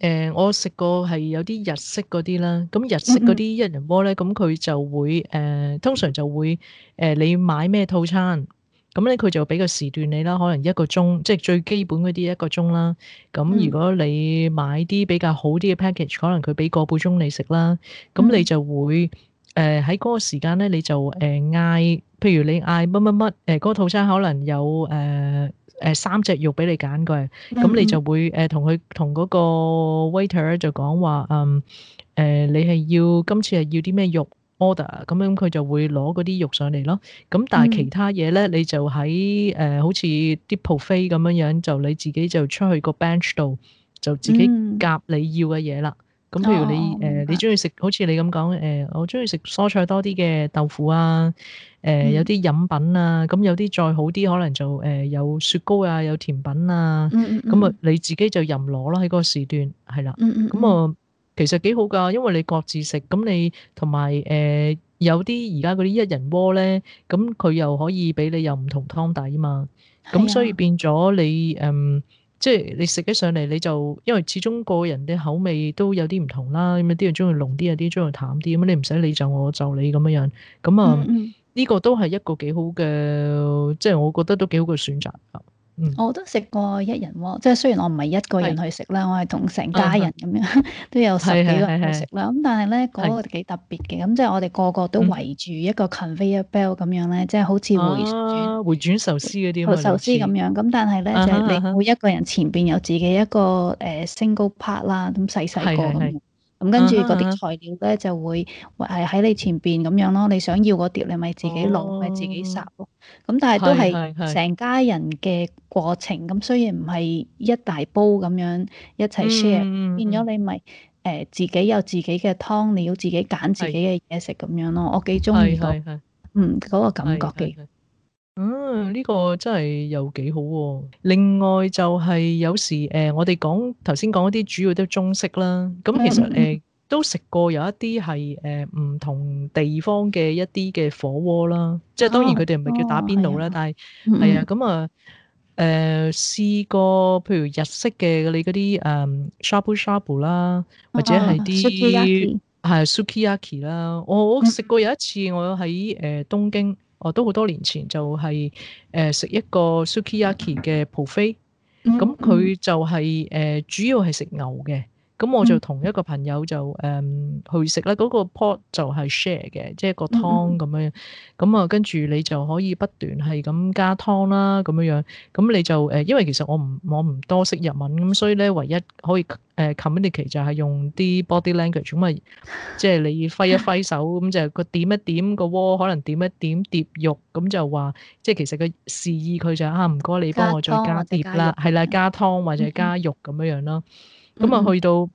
誒、呃，我食過係有啲日式嗰啲啦，咁日式嗰啲一人鍋咧，咁佢就會誒、呃，通常就會誒、呃，你買咩套餐，咁咧佢就俾個時段你啦，可能一個鐘，即係最基本嗰啲一個鐘啦。咁如果你買啲比較好啲嘅 package，可能佢俾個半鐘你食啦。咁你就會誒喺嗰個時間咧，你就誒嗌、呃，譬如你嗌乜乜乜，誒、呃、嗰、嗰個套餐可能有誒，呃誒三隻肉俾你揀嘅，咁、嗯、你就會誒同佢同嗰個 waiter 就講話，嗯誒、呃、你係要今次係要啲咩肉 order，咁樣佢就會攞嗰啲肉上嚟咯。咁但係其他嘢咧，你就喺誒、呃、好似啲 buffet 咁樣樣，就你自己就出去個 bench 度就自己夾你要嘅嘢啦。嗯咁譬如你誒、呃，你中意食好似你咁講誒，我中意食蔬菜多啲嘅豆腐啊，誒、呃、有啲飲品啊，咁、嗯、有啲再好啲可能就誒、呃、有雪糕啊，有甜品啊，咁啊、嗯嗯、你自己就任攞啦喺嗰個時段，係啦，咁啊、嗯嗯嗯呃、其實幾好噶，因為你各自食，咁你同埋誒有啲而家嗰啲一人鍋咧，咁佢又可以俾你有唔同湯底嘛，咁所以變咗你誒。嗯嗯嗯嗯即係你食起上嚟你就，因為始終個人嘅口味都有啲唔同啦，咁啊有啲人鍾意濃啲，有啲鍾意淡啲，咁你唔使理你就我，我就你咁嘅樣，咁啊呢、嗯嗯、個都係一個幾好嘅，即係我覺得都幾好嘅選擇。 [music] 我都食過一人窩，即係雖然我唔係一個人去食啦，我係同成家人咁樣 [music] 都有十幾個人去食啦。咁但係咧嗰個幾特別嘅，咁即係我哋個個都圍住一個 conveyor belt 咁樣咧，是是即係好似回轉、啊、回轉壽司嗰啲回 壽司咁樣。咁次但係咧，啊、是 就係你每一個人前邊有自己一個誒、呃、single part 啦、嗯，咁細細個咁。是是是是咁跟住嗰啲材料咧、uh huh. 就會係喺你前邊咁樣咯，你想要嗰碟你咪自己攞，咪自己烚咯。咁但係都係成家人嘅過程。咁、uh huh. 雖然唔係一大煲咁樣一齊 share，、uh huh. 變咗你咪誒、呃、自己有自己嘅湯料，自己揀自己嘅嘢食咁樣咯。Uh huh. 我幾中意到，uh huh. 嗯嗰、嗰個感覺嘅、uh。Huh. Uh huh. 嗯，呢、呢個真係又幾好喎、啊。另外就係有時誒、呃，我哋講頭先講嗰啲主要都中式啦。咁、嗯、其實誒、呃、都食過有一啲係誒唔同地方嘅一啲嘅火鍋啦。即係當然佢哋唔係叫打邊爐啦，但係係啊。咁啊誒試過，譬如日式嘅你嗰啲誒 shabu shabu 啦，或者係啲係 sukiyaki 啦。哦、我食過有一次，我喺誒東京。嗯我都好多年前就係誒食一個 sukiyaki 嘅蒲飛，咁佢、 [noise] 嗯嗯、就係、是、誒、呃、主要係食牛嘅。咁我就同一個朋友就誒去食啦。嗰、那個 pot 就係 share 嘅，即、就、係、是、個湯咁樣。咁啊、mm，hmm。跟住你就可以不斷係咁加湯啦，咁樣樣。咁你就誒，因為其實我唔我唔多識日文，咁所以咧，唯一可以誒 communicate 就係用啲 body language 咁啊，即係你揮一揮手咁 [laughs] 就個點一點個鍋，可能點一點碟肉，咁就話即係其實佢示意佢就是、啊，唔該你幫我再加碟啦，係啦，加湯或者加肉咁樣樣咯。咁啊，嗯、去到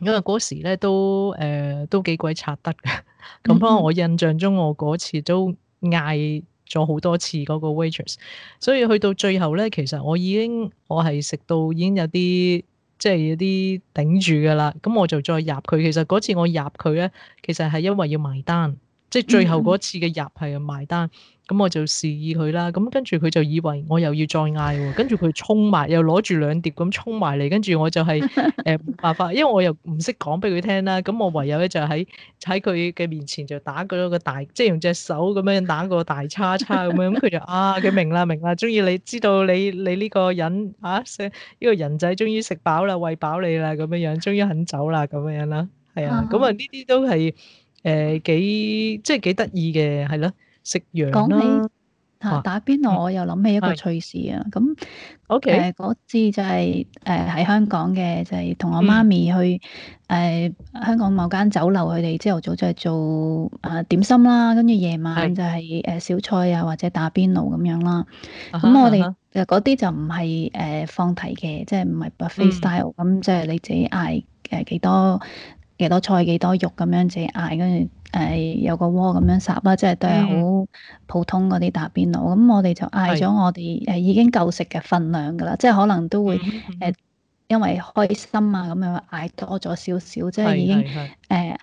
因為嗰時咧都誒、呃、都幾鬼拆得嘅，咁不過我印象中我嗰次都嗌咗好多次嗰、嗰個 waitress，所以去到最後咧，其實我已經我係食到已經有啲即係有啲頂住嘅啦，咁我就再入佢。其實嗰次我入佢咧，其實係因為要埋單。即係最後嗰次嘅入係埋單，咁、嗯嗯、我就示意佢啦。咁跟住佢就以為我又要再嗌喎，跟住佢沖埋，又攞住兩碟咁沖埋嚟。跟住我就係、是、誒，呃、辦法，因為我又唔識講俾佢聽啦。咁我唯有咧就喺喺佢嘅面前就打佢個大，即、就、係、是、用隻手咁樣打個大叉叉咁樣。咁佢就啊，佢明啦明啦，中意你知道你你呢個人啊食呢、呢個人仔，終於食飽啦，喂飽你啦咁樣樣，終於肯走啦咁樣樣啦。係啊，咁啊呢啲都係。誒、呃、幾即係幾得意嘅係咯，食羊啦！講起、啊、打邊爐，啊、我又諗起一個趣事啊！咁誒嗰次就係誒喺香港嘅，就係、是、同我媽咪去誒、呃、香港某間酒樓，佢哋朝頭早就係做啊、呃、點心啦，跟住夜晚就係誒小菜啊的或者打邊爐咁樣啦。咁、uh huh, 我哋嗰啲就唔係誒放題嘅，即、就、係、是、唔係 buffet style，咁即係你自己嗌誒幾多。幾多菜幾多肉咁樣自嗌，跟住誒有個鍋咁樣烚啦，即係都係好普通嗰啲打邊爐。咁、mm hmm. 我哋就嗌咗我哋誒已經夠食嘅份量㗎啦，mm hmm. 即係可能都會誒因為開心啊咁樣嗌多咗少少，mm hmm. 即係已經誒誒、mm hmm. 呃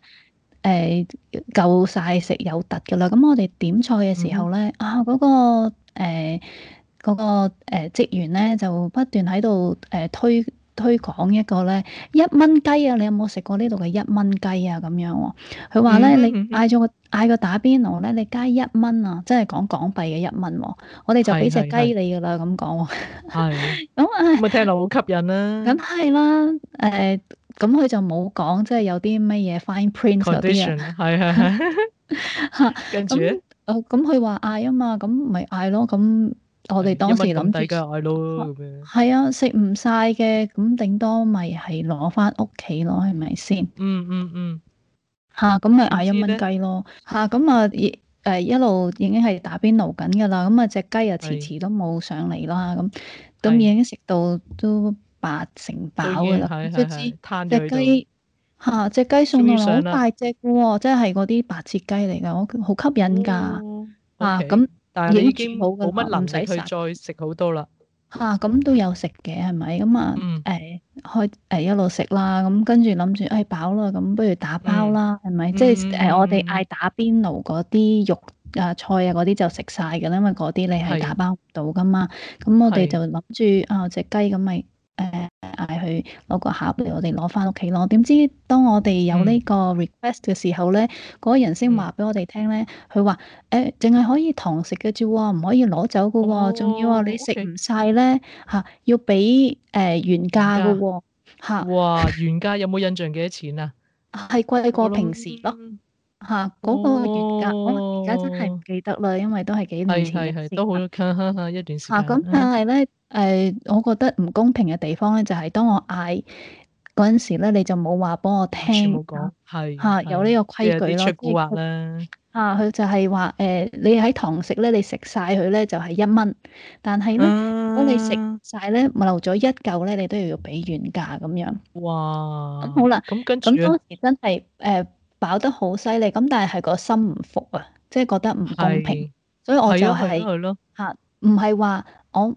呃、夠晒食有得㗎啦。咁我哋點菜嘅時候咧，mm hmm. 啊嗰、嗰個誒嗰、呃嗰個誒職員咧就不斷喺度誒推。推廣一個咧一蚊雞啊！你有冇食過呢度嘅一蚊雞啊？咁樣喎，佢話咧你嗌咗個嗌個打邊爐咧，你加一蚊啊！即係講港幣嘅一蚊喎，我哋就俾隻雞你㗎啦咁講喎，係咁誒。咪聽落好吸引啦，梗係啦，誒咁佢就冇講即係有啲乜嘢 fine print 嗰啲啊，係係係。跟住，哦咁佢話嗌啊嘛，咁咪嗌咯咁。我哋當時諗住，係啊，食唔晒嘅，咁頂多咪係攞翻屋企咯，係咪先？嗯嗯嗯。吓，咁咪嗌一蚊雞咯。吓，咁 ups. 啊，誒一路已經係打邊爐緊㗎啦。咁啊，隻雞呀遲遲都冇上嚟啦。咁，咁已經食到都八成飽㗎啦。最知隻雞吓，隻雞送落嚟好大隻嘅喎，即係嗰啲白切雞嚟㗎，好吸引㗎。啊，咁、啊。但係你已經冇冇乜能力去再食好多啦。嚇、嗯，咁都有食嘅係咪？咁啊，誒開誒一路食啦。咁跟住諗住，誒飽啦。咁不如打包啦，係咪？即係誒我哋嗌打邊爐嗰啲肉啊、菜啊嗰啲就食晒噶啦，因為嗰啲你係打包唔到噶嘛。咁是、嗯、我哋就諗住啊隻雞咁咪。誒，嗌去攞個盒俾我哋攞翻屋企咯。點知當我哋有呢個 request 嘅時候咧，嗰個、嗯、人先話俾我哋聽咧，佢話誒，淨係、欸、可以堂食嘅啫，唔、哦、可以攞走噶、哦，仲要啊、哦，你食唔晒咧吓，要俾誒原價噶喎吓。哇，原價有冇印象幾多錢啊？係貴 [laughs] 過平時咯吓，嗰、哦啊嗰個原價我而家真係唔記得啦，因為都係幾年前。係係都好一段時間。咁、嗯，但係咧。誒，我覺得唔公平嘅地方咧，就係當我嗌嗰陣時咧，你就冇話幫我聽。全部講係嚇，有呢個規矩咯。啊，佢就係話誒，你喺堂食咧，你食晒佢咧就係一蚊，但係咧，如果你食晒咧，留咗一嚿咧，你都要俾原價咁樣。哇！好啦，咁跟住咁當時真係誒飽得好犀利，咁但係係個心唔服啊，即係覺得唔公平，所以我就係嚇，唔係話我。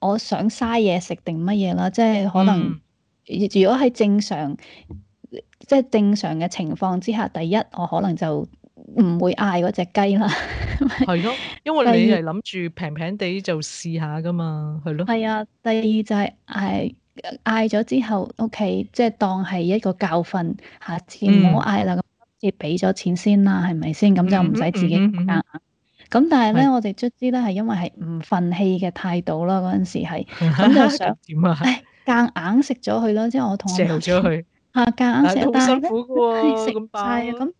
我想嘥嘢食定乜嘢啦？即係可能，如果係正常，嗯、即係正常嘅情況之下，第一我可能就唔會嗌嗰隻雞啦。係 [laughs] 咯，因為你係諗住平平地就試下噶嘛，係咯。係啊，第二就係嗌嗌咗之後屋企，okay，即係當係一個教訓，下次唔好嗌啦。咁亦俾咗錢先啦，係咪先？咁就唔使自己夾咁但係咧，我哋卒之咧係因為係唔憤氣嘅態度啦，嗰陣時係咁想點，唉，夾硬食咗佢咯，即係我同我食咗佢嚇，硬食，但係咧食曬啊！咁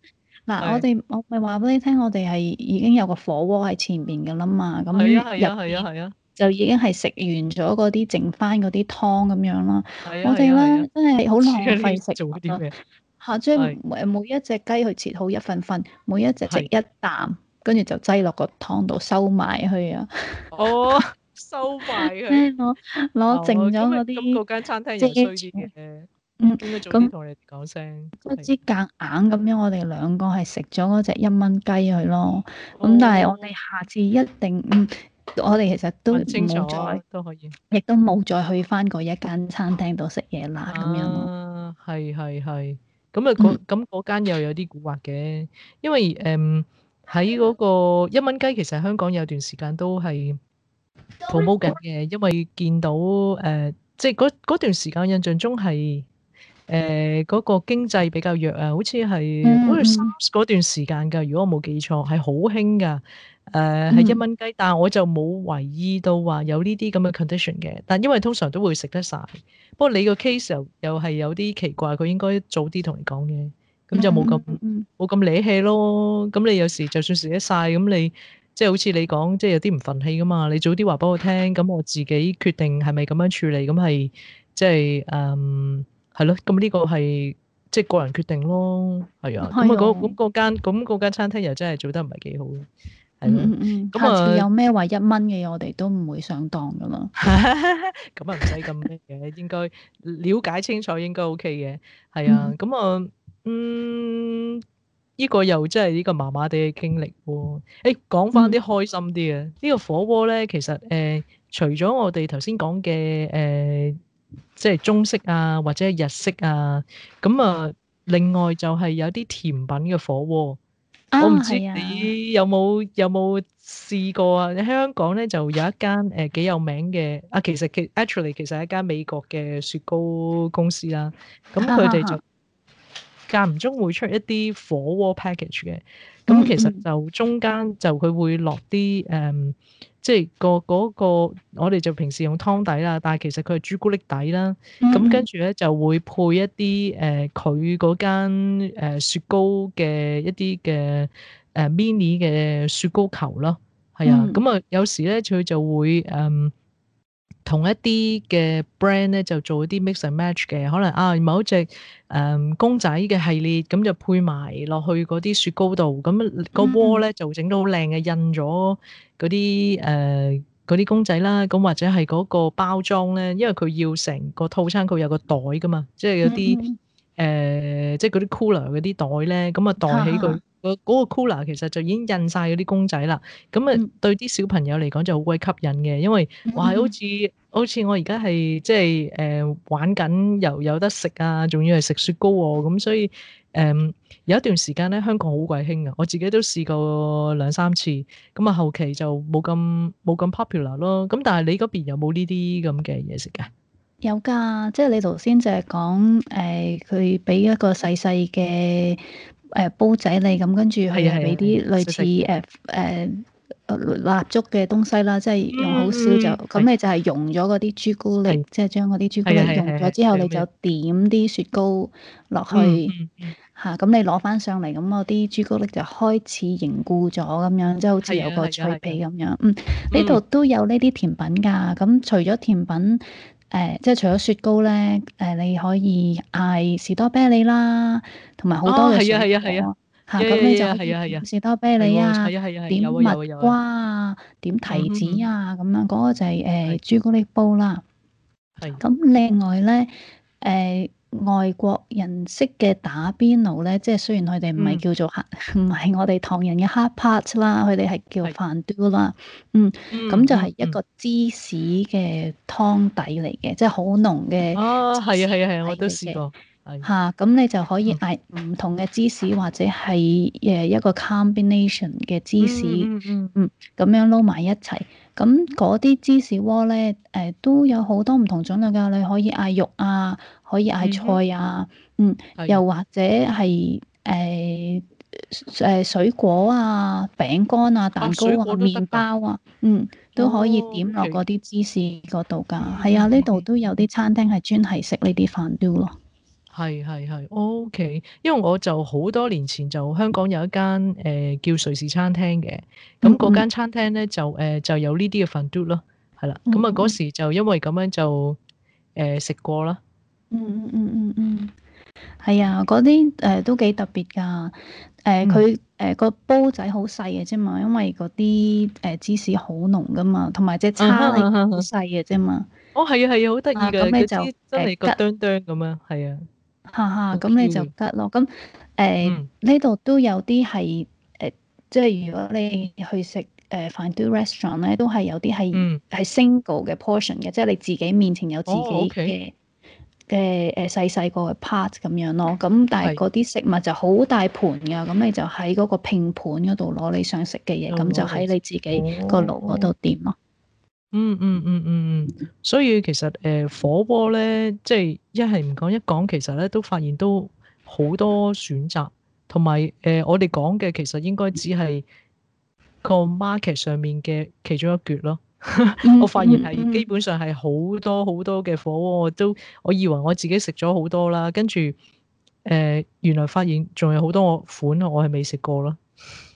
嗱，我哋我咪話俾你聽，我哋係已經有個火鍋喺前面㗎啦嘛，咁入係啊係啊係啊，就已經係食完咗嗰啲剩翻嗰啲湯咁樣啦。係啊我哋咧真係好浪費食啊！嚇，即係每每一隻雞去切好一份份，每一隻食一啖。跟住就擠落個湯度收埋去啊！哦，收埋啊，攞攞剩咗嗰啲。咁嗰間餐廳要收錢嘅。嗯，咁同你講聲。都之夾硬咁樣，我哋兩個係食咗嗰隻一蚊雞去咯。咁但係我哋下次一定，我哋其實都唔好再都可以，亦都冇再去翻嗰一間餐廳度食嘢，啦。咁樣咯。啊，係係係。咁啊，咁嗰間又有啲古惑嘅，因為誒。喺嗰個一蚊雞，其實香港有段時間都係 promote 緊嘅，因為見到誒，即係嗰段時間印象中係誒嗰個經濟比較弱啊，好似係好似嗰段時間㗎。如果我冇記錯，係好興㗎，誒、呃、係一蚊雞。但係我就冇懷疑到話有呢啲咁嘅 condition 嘅。但因為通常都會食得曬。不過你個 case 又又係有啲奇怪，佢應該早啲同你講嘅。咁就冇咁冇咁理氣咯。咁你有時就算食得晒，咁你即係、就是、好似你講，即、就、係、是、有啲唔憤氣噶嘛。你早啲話俾我聽，咁我自己決定係咪咁樣處理，咁係即係誒係咯。咁、就、呢、是嗯嗯那個係即係個人決定咯。係、那、啊、個。咁啊嗰咁嗰間餐廳又真係做得唔係幾好咯。係咯。咁啊、嗯。嗯、有咩話一蚊嘅，嘢，我哋都唔會上當噶啦。咁啊唔使咁咩嘅， [laughs] 應該了解清楚應該 OK 嘅。係啊。咁啊。嗯，依、這個又真係呢個麻麻地嘅經歷喎、哦。誒，講翻啲開心啲啊，呢、這個火鍋咧，其實誒、呃，除咗我哋頭先講嘅誒，即係中式啊，或者日式啊，咁、嗯、啊，另外就係有啲甜品嘅火鍋。啊、我唔知你有冇有冇試、啊、過啊？香港咧就有一間誒幾有名嘅，啊，其實其 actually 其實係一間美國嘅雪糕公司啦。咁佢哋就、啊。間唔中會出一啲火鍋 package 嘅，咁其實就中間就佢會落啲誒，即係、嗯嗯個嗰個我哋就平時用湯底啦，但係其實佢係朱古力底啦。咁、嗯嗯嗯、跟住咧就會配一啲誒佢嗰間雪糕嘅一啲嘅誒 mini 嘅雪糕球咯，係啊。咁啊有時咧佢就會誒。嗯同一啲嘅 brand 咧就做一啲 mix and match 嘅，可能啊某隻誒、呃、公仔嘅系列，咁就配埋落去嗰啲雪糕度，咁、個鍋咧就整到好靚嘅，印咗嗰啲誒啲公仔啦，咁或者係嗰個包裝咧，因為佢要成個套餐，佢有個袋噶嘛，即係有啲誒、嗯嗯呃，即係嗰啲 cooler 嗰啲袋咧，咁啊袋起佢。個嗰個 Cooler 其實就已經印晒嗰啲公仔啦，咁啊對啲小朋友嚟講就好鬼吸引嘅，因為話係好似好似我而家係即係誒玩緊又有得食啊，仲要係食雪糕喎、啊，咁所以誒、呃、有一段時間咧香港好鬼興嘅，我自己都試過兩三次，咁啊後期就冇咁冇咁 popular 咯。咁但係你嗰邊有冇呢啲咁嘅嘢食嘅？有㗎，即係你頭先就係講誒，佢、呃、俾一個細細嘅。誒煲仔你咁，跟住佢係俾啲類似誒誒蠟燭嘅東西啦、啊，即係用好少就，咁、嗯、你就係溶咗嗰啲朱古力，的即係將嗰啲朱古力溶咗之後，你就點啲雪糕落去嚇，咁、嗯、的你攞翻上嚟，咁我啲朱古力就開始凝固咗咁樣，即係好似有個脆皮咁樣。嗯，呢度都有呢啲甜品㗎，咁除咗甜品。誒、欸，即係除咗雪糕咧，誒、欸、你可以嗌士多啤梨啦，同埋好多嘅啊，係、yeah、啊，係啊。嚇，咁你就可以士多啤梨啊，點蜜瓜啊，點提子啊，咁樣嗰個就係誒朱古力煲啦。係、欸。咁、嗯、另外咧，誒、欸。外國人式嘅打邊爐咧，即係雖然佢哋唔係叫做黑，唔係、嗯、 [laughs] 我哋唐人嘅 hotpot 啦，佢哋係叫 fondue 啦。嗯，咁、嗯、就係一個芝士嘅湯底嚟嘅，即係好濃嘅。哦，係啊，係啊，係啊，我都試過。嚇，咁你就可以嗌唔同嘅芝士，嗯、或者係誒一個 combination 嘅芝士，嗯，咁、嗯嗯嗯、樣撈埋一齊。咁嗰啲芝士鍋咧，誒、呃、都有好多唔同種類㗎，你可以嗌肉啊，可以嗌菜啊，嗯，的又或者係誒誒水果啊、餅乾啊、蛋糕啊、麵包啊，嗯，都可以點落嗰啲芝士嗰度㗎。係啊 Okay.，呢度都有啲餐廳係專係食呢啲飯雕咯。係係係，OK。因為我就好多年前就香港有一間誒、呃、叫瑞士餐廳嘅，咁嗰間餐廳咧就誒、呃、就有呢啲嘅飯嘟 o 咯，係啦。咁啊嗰時就因為咁樣就誒食、呃、過啦、嗯。嗯嗯嗯嗯嗯，係、嗯、啊，嗰啲誒都幾特別㗎。誒佢誒個煲仔好細嘅啫嘛，因為嗰啲誒芝士好濃㗎嘛，同埋隻叉好細嘅啫嘛。哦係啊係啊，好得意嘅。咁咧就即係骨噄噄咁啊，係啊。哈哈，咁、 [music] 嗯、 [music] 你就得咯。咁誒呢度都有啲係誒，即、呃、係如果你去食誒、呃、fine dining restaurant 咧，都係有啲係係 single 嘅 portion 嘅，即、就、係、是、你自己面前有自己嘅嘅誒細細個嘅 part 咁樣咯。咁但係嗰啲食物就好大盤㗎，咁是你就喺嗰個拼盤嗰度攞你想食嘅嘢，咁、嗯、就喺你自己個爐嗰度掂咯。哦。嗯嗯嗯嗯嗯，所以其實誒、呃、火鍋咧，即、就、係、是、一係唔講一講，其實咧都發現都好多選擇，同埋誒我哋講嘅其實應該只係個 market 上面嘅其中一橛咯。 [laughs] 我發現係基本上係好多好多嘅火鍋，我都我以為我自己食咗好多啦，跟住誒、呃、原來發現仲有好多個款我係未食過咯。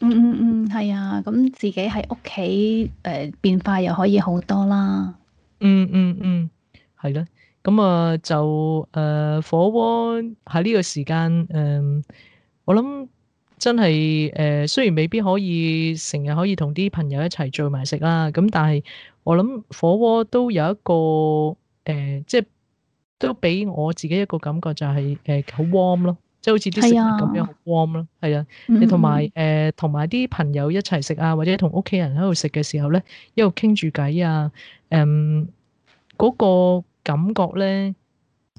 嗯嗯嗯，係啊，咁自己喺屋企誒變化又可以好多啦。嗯嗯嗯，係、嗯、咯，咁、嗯、啊就誒、呃、火鍋喺呢個時間誒、呃，我諗真係誒、呃、雖然未必可以成日可以同啲朋友一齊聚埋食啦，咁但係我諗火鍋都有一個誒即係都俾我自己一個感覺就係誒好 warm 咯。即好似啲食物咁樣 warm 咯，係啊，啊嗯、你同埋誒同埋啲朋友一齊食啊，或者同屋企人喺度食嘅時候咧，一路傾住偈啊，誒、嗯、嗰、嗰個感覺咧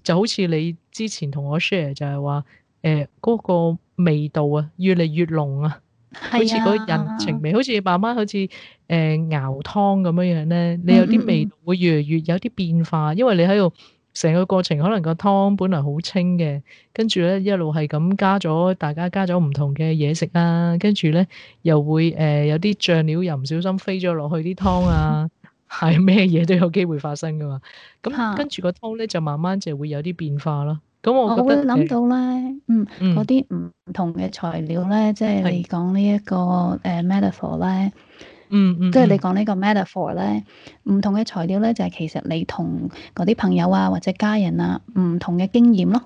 就好似你之前同我 share 就係話誒嗰個味道啊，越嚟越濃啊，啊好似個人情味，好似慢慢好似誒、呃、熬湯咁樣樣咧，你有啲味道會越嚟越有啲變化，啊、嗯嗯因為你喺度。成個過程可能個湯本來好清嘅，跟住咧一路係咁加咗大家加咗唔同嘅嘢食啊，跟住咧又會誒、呃、有啲醬料又唔小心飛咗落去啲湯啊，係咩嘢都有機會發生噶嘛。咁跟住個湯咧就慢慢就會有啲變化咯。咁我覺得我會諗到咧，呃、嗯，嗰啲唔同嘅材料咧，即係是你講呢一個誒 metaphor 咧。嗯，嗯，即係你講呢個 metaphor 咧，唔同嘅材料咧，就係、是、其實你同嗰啲朋友啊，或者家人啊，唔同嘅經驗咯。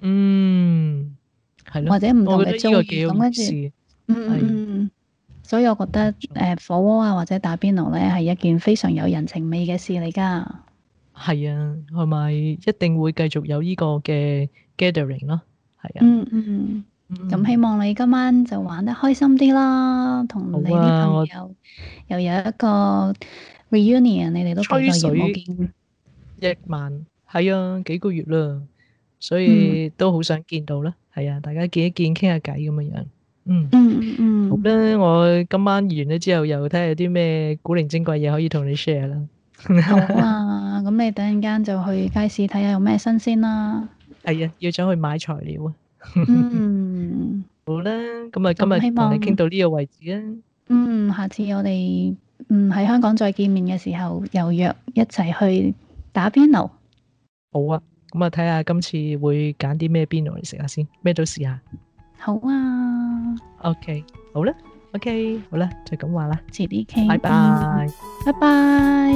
嗯，係咯。或者唔同嘅中意咁跟住。嗯，嗯，所以我覺得誒的、呃、火鍋啊或者打邊爐咧係一件非常有人情味嘅事嚟㗎。係啊，係咪？一定會繼續有呢個嘅 gathering 咯。係啊。嗯，嗯嗯。咁、嗯、希望你今晚就玩得開心啲啦，同你朋友，啊、又有一個 reunion，你哋都好耐冇見，一晚係啊，幾個月啦，所以都好想見到啦，係、嗯、啊，大家見一見，傾下偈咁樣樣。嗯嗯嗯，嗯好啦，我今晚完咗之後，又睇下有啲咩古靈精怪嘢，可以同你 share 啦。 [laughs] 好啊，咁你等陣間就去街市睇下有咩新鮮啦。係啊，要走去買材料啊。嗯， [laughs] 好啦，咁啊，今日希望你傾到呢個位置啊。嗯，下次我哋嗯喺香港再見面嘅時候，又約一齊去打邊爐。好啊，咁啊，睇下今次會揀啲咩邊爐嚟食下先，咩都試下。好啊。OK，好啦。OK，好啦，就咁話啦。遲啲傾。拜拜 bye。拜拜。